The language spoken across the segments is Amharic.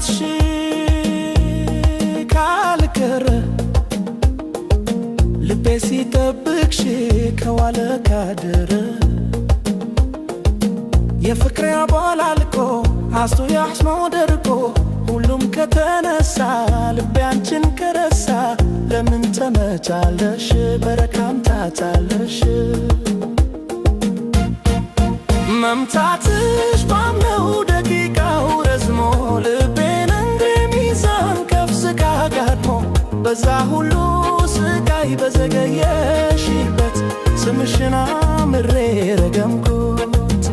እናትሽ ካልቀረ ልቤ ሲጠብቅሽ ከዋለ ካደረ የፍቅሬ አቧል አልቆ አስቶ ያሕስማው ደርቆ ሁሉም ከተነሳ ልቤ አንችን ከረሳ ለምን ተመቻለሽ በረካም ታታለሽ መምታትሽ በዛ ሁሉ ስቃይ በዘገየሽበት ስምሽን አምሬ ረገምኩት።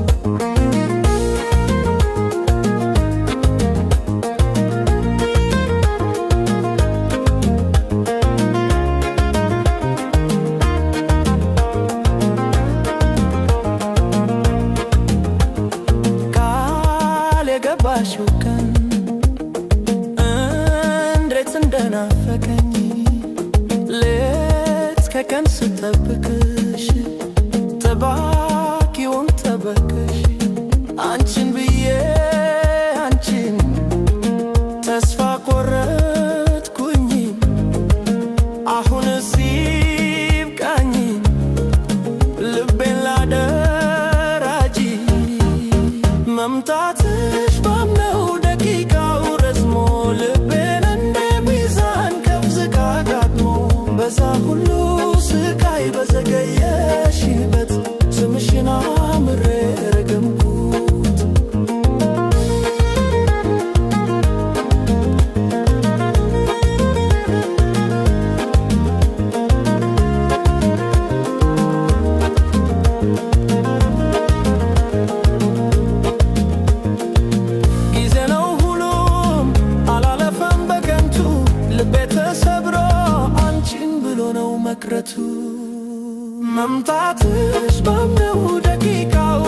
ካል የገባሽው ቀን ስታገኝ ሌት ከቀን ስጠብቅሽ ጠባቂውን ጠበቅሽ አንቺን ብዬ አንቺን ተስፋ ቆረጥኩኝ አሁን ሲብቃኝ ልቤን ላደራጂ መምታትሽ ባምነው መቅረቱ መምጣትሽ በምነው ደቂቃው